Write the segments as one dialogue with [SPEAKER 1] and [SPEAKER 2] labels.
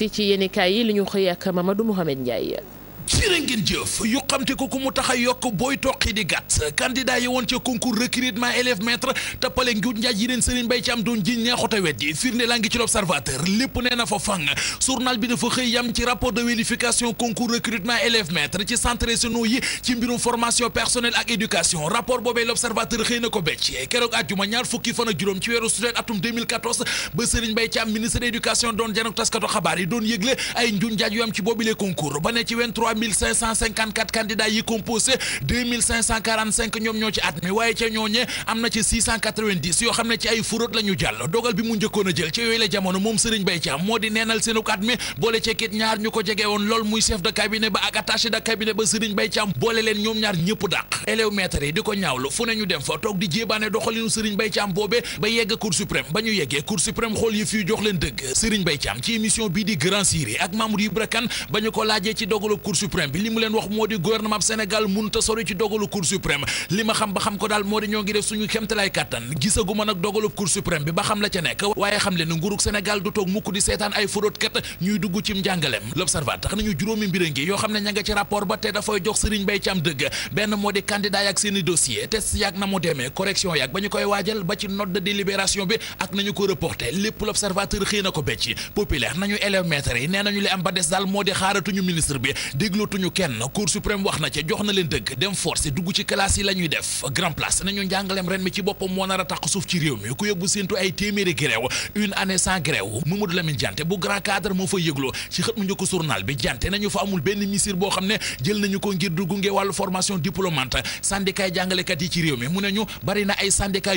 [SPEAKER 1] si ci yéenekaay yi li ñu xëy ak Mamadou Mouhamed Ndiaye.
[SPEAKER 2] jërë ngeen jëf yu ko ku mu tax a yokk booy toqi di gàtt candidat yi woon ca concours recrutement élève maître tappale ngiut njaaj yi leen Serigne Mbaye Thiam doon jiñ neexute wet yi firnde laa ngi ci l'observateur lépp nee fa fang journal bi dafa xëy yam ci rapport de vérification concours recrutement élève maître ci centre régionaux yi ci mbirum formation personnelle ak éducation rapport boobee l'observateur xëy na ko becc keroog àjjuma ñaar 2554 yi composé ñoom ñoo ci at mi waaye ca ñooñee am na ci yoo xam ne ci ay furóot la jàll dogal bi mu njëkkoon a jël ci yooyu la jamono moom Serigne Mbaye Thiam moo di neenal seenu at mi boole ci ñaar ñu ko jege woon lool muy chef de cabinet ba ak attaché de cabinet ba Serigne Mbaye Thiam boole leen ñoom ñaar ñëpp dàq élève maître yi di ko ñaawlu fu ne ñu dem fa toog di jéebaane doxalinu Serigne Mbaye Thiam boobee ba yegg Cour suprême ba ñu yeggee suprême bi li mu leen wax moo di gouvernement bu Sénégal munta sori ci dogalu cour suprême li ma xam ba xam ko daal moo di ñoo ngi def suñu xemtalaay kàttan gisaguma nag dogalu cour suprême bi ba xam la ca nekk waaye xam leen nguurug Sénégal du toog mukk di seetaan ay fraudekat ñuy dugg ci njàngaleem l'observateur tax nañu juróomi mbir ngi yoo xam ne ña ci rapport ba te dafay jox Serigne Mbaye Thiam dëgg benn moo di candidat yaak seeni dossier test yaak na ko reporté lépp l'observateur xëy na yi nee nañu li am ba des daal moo di xaaratuñu ministre déglutuñu kenn cour suprême wax na ca jox na leen dëgg dem forcé dugg ci classe yi la def grand place nañu njàngaleem ren mi ci boppam moo nar a suuf ci réew mi ku yóbbu séentu ay téeméeri grève une année sans grève Mamadou Lamine Diante bu grand cadre moo fa yëgloo ci xët mu njëkk journal bi Diante nañu fa amul benn misir boo xam ne jël nañu ko ngir du gunge wàllu formation diplômante syndicat jàngalekat yi ci réew mi mu ne ñu bari ay syndicat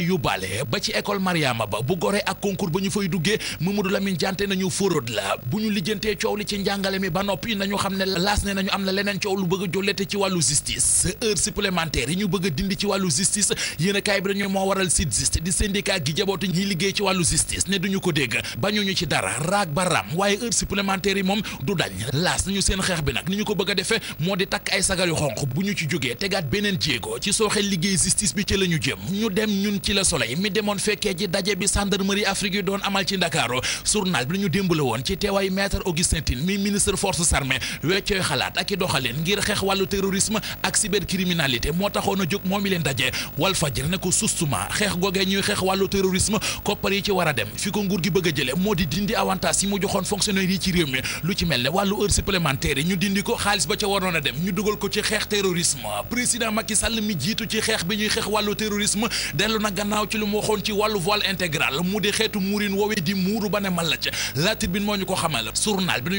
[SPEAKER 2] am leneen coow lu bëgg a jollete ci wàllu justice heure supplémentaire yi ñu bëgg a dindi ci wàllu justice yéen a kaay bi dañu moo waral site juste di syndicat gi jaboote ñiy liggéey ci wàllu justice ne duñu ko dégg bañuñu ci dara raag ba raam waaye heure supplémentaire yi moom du dañ laas nañu seen xeex bi nag ni ñu ko bëgg a moo di takk ay sagar yu xonq bu ñu ci jógee tegaat beneen jéego ci sooxe liggéey justice bi ci la ñu jëm ñu dem ñun ci la soleil mi demoon fekkee ji daje bi gendarmerie Afrique yi doon amal ci ñu démb la woon ci teewaayu maître Augustin Tine mi ministre forces armées ak ki doxaleen ngir xeex wàllu terrorisme ak cybercriminalité moo taxoon a jóg moom i leen dajee Walf Fadjri ne ko sustuma xeex googee ñuy xeex wàllu terrorisme koppar yi ci war a dem fi ko nguur gi bëgg a jële moo di dindi avantage yi mu joxoon fonctionnaire yi ci réew mi lu ci mel ne wàllu heure supplémentaire yi ñu dindi ko xaalis ba ca waroon a dem ñu dugal ko ci xeex terrorisme président Macky Sall mi jiitu ci xeex bi ñuy xeex wàllu terrorisme dellu na la ca la tribune moo ñu ko xamal journal bi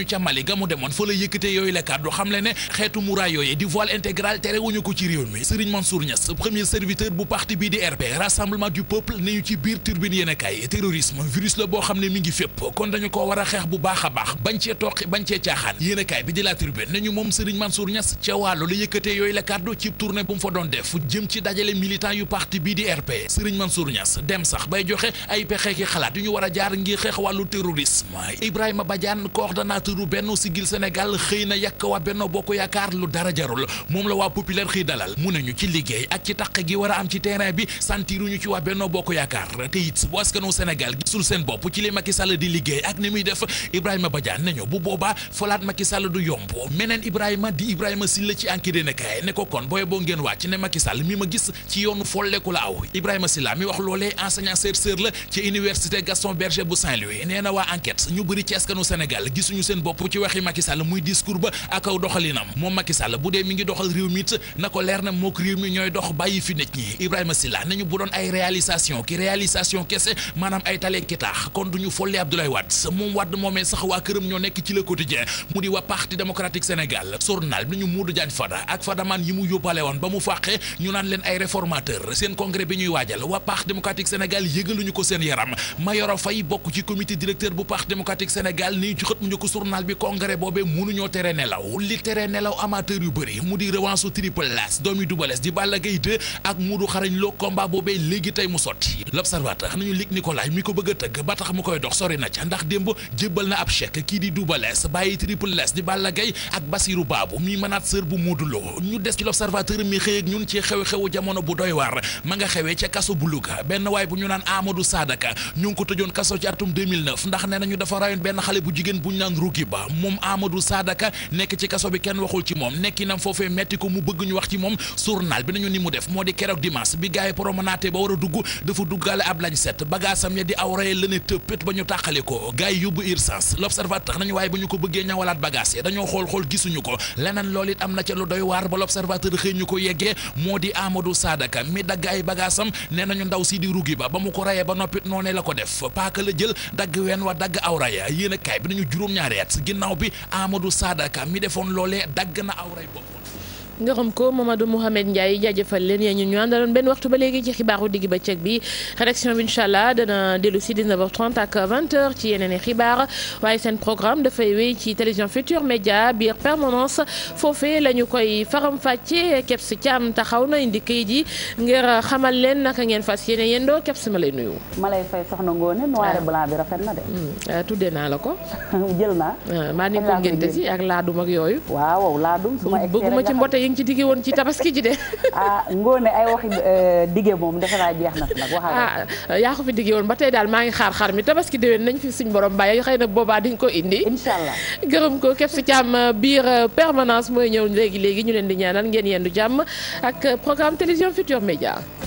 [SPEAKER 2] ne xeetu muraay yooyu di voile intégral tere wuñu ko ci réew mi Serigne Mansour Niass premier serviteur bu parti bii di RP rassemblement du peuple ne ñu xam ne mi ngi fépp ko war a xeex bu baax a baax bañ cee toqi bañ cee a kaay bi di la turbine ne ñu moom Serigne Mansour Niass ca wàllu la yëkkatee yooyu la ci tournée bu mu fa doon def jëm ci dajale militant yu parti bii di RP Serigne Mansour Niass dem sax bay joxe ay pexe ki xalaat yu ñu war a jaar ngir xeex wàllu terrorisme Ibrahima Badiane coordonnateur u Benno Siggil Sénégal xëy na yàkk waa bokk yaakaar lu dara jarul moom la waa populaire xëy dalal mu ñu ci liggéey ak ci taq gi war a am ci terrain bi ñu ci wax bennoo bokk yaakaar te it bu askanu Sénégal gisul seen bopp ci li Macky Sall di liggéey ak ni muy def Ibrahima Badiane nañu bu boobaa falaat Macky Sall du yomb meneen Ibrahima di Ibrahima Silla ci enquête ne kaay ne ko kon booy boo ngeen wàcc ne Sall mi ma gis ci yoonu folleku la aw Ibrahima Silla mi wax loolee enseignant chercheur la ci université Gaston Berger bu Saint-Louis nee na waa enquête ñu bëri ci askanu Sénégal gisuñu seen bopp ci waxi Macky Sall muy discours ba ak dox doxalinam moom Macky Sall bu dee mi ngi doxal réew mi it na ko leer na mook réew mi ñooy dox bàyyi fi nit ñi Ibrahima Silla nañu bu doon ay réalisation ki réalisation kese maanaam ay tale ki taax kon duñu folle Abdoulaye Wade moom Wade moomee sax waa këram ñoo nekk ci le quotidien mu di waa parti démocratique Sénégal journal bi ñu Modou Diagne Fada ak Fadaman yi mu yóbbaale woon ba mu fàqe ñu naan leen ay réformateur seen congrès bi ñuy waajal waa parti démocratique tere nelaw amateur yu bëri mu di revanche su triple S doomi Double Less di Balla Gaye 2 ak Modou xarañ Lo combat boobee léegi tey mu sotti l'observateur nañu lig Nicolas mi ko bëgg tëgg ba tax mu koy dox sori na ca ndax démb jébbal na ab chèque kii di Double Less bàyyi triple S di a Gaye ak Basirou Babou mi mënaat sër bu Modou Lo ñu des ci l'observateur mi xëy ak ñun ci xew-xewu jamono bu doy waar ma nga xewee ca kaso bu Louga benn waay bu ñu naan Amadou Sadaka ñu ngi ko tëjoon kaso ci atum ndax nee nañu dafa bu jigéen bu naan Rugi Ba moom Amadou Sadaka nekk bi kenn waxul ci moom nekkinam foofee metti ko mu bëgg wax ci moom journal bi nañu ni mu def moo di keroog dimanche bi gars yi ba war a dugg dafa duggaale ab lañ set bagaasam ya di awree la ne tëppét ba ñu tàqale ko gars yi yóbbu urgence l'observateur tax nañu waaye ba ñu ko bëggee ñawalaat bagaas yi dañoo xool xool gisuñu ko leneen loolu it am na ca lu doy waar ba l'observateur xëy ñu ko yeggee moo di Amadou Sadaka mi dagg ay bagaasam nee nañu ba ba mu ko ba noppit noonee la ko def paaka la jël dagg ween wa dagg awra ya yéen a bi nañu juróom-ñaari at ginnaaw bi Amadou Sadaka loolee dagg na awray boppam
[SPEAKER 1] ngërëm ko Mamadou Mouhamed Ndiaye jaajëfal leen yéen ñu ñu àndaloon benn waxtu ba léegi ci xibaaru digg bëccëg bi rédaction bi incha allah dana dellu si 19h30 ak 20h ci yeneen i xibaar waaye seen programme dafay wéy ci télévision Futur Média biir permanence foofee la ñu koy faram-fàccee keps taxaw na indi kayit yi ngir xamal leen naka ngeen fas yéene yendoo keps ma lay nuyu. ma lay fay soxna Ngone noir et blanc bi rafet na mm. euh, la ko. jël naa. Euh, maa ni ko ngénte si ak laadum ak yooyu. waaw yi nga ci diggee woon ci tabaski ji de. ah ngoone ay waxi euh, diggee moom defe naa jeex ah, yaa ko fi diggee woon ba tey daal maa ngi xaar xar mi tabaski déwén nañ fi suñ borom bàyyi xëy na boobaa dañ ko indi. incha allah gërëm ko képp si càmm biir euh, permanence mooy ñëw léegi léegi ñu leen di ñaanal ngeen yendu jàmm ak programme télévision Futurs média